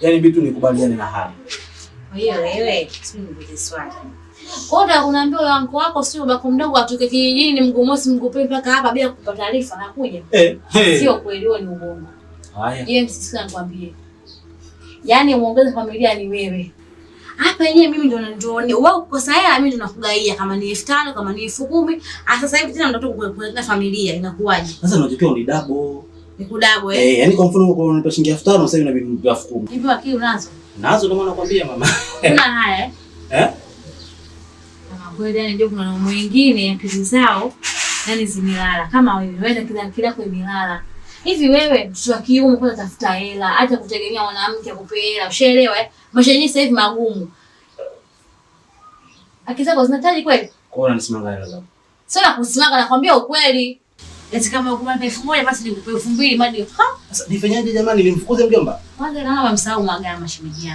Yaani vitu nikubaliane na hali. Kwa hiyo wewe sikuulize swali. Kwa unaambia yule wangu wako sio bako mdogo atoke kijijini mguu mosi mguu pili mpaka hapa bila kupata taarifa na kuja. Eh, hey. Eh. Sio kweli ni uongo. Haya. Yeye msisikia nikwambie. Yaani muongeze familia ni wewe. Hapa yenyewe mimi ndo ndio wewe uko sahihi, mimi ndo nakugaia kama ni elfu kama ni 10000. Ah, sasa hivi tena ndo tu kuweka familia inakuwaje? Sasa unatakiwa ni double. Nikudabu Eh, Eh, yani kwa mfano kwa unalipa shilingi 5000 sasa hivi inabidi elfu 10000. Hivi akili unazo? Nazo ndio maana nakwambia mama. Kuna haya eh? Eh? Kama kweli yani ndio kuna mwingine akili zao yani zimilala kama wewe wewe kila kila kwa milala. Hivi wewe mtoto wa kiume kwa tafuta hela, hata kutegemea mwanamke akupe hela, ushaelewa eh? Maisha yenyewe sasa hivi magumu. Akisa kwa zinataji kweli? Kwa nini unasimanga hela zako? Sio nakusimanga, nakwambia ukweli. Eti yaani kama ukupa elfu moja basi nikupe elfu mbili hadi. Nifanyaje jamani, nilimfukuze mjomba? Kwanza naomba msahau Mwagama shemeji.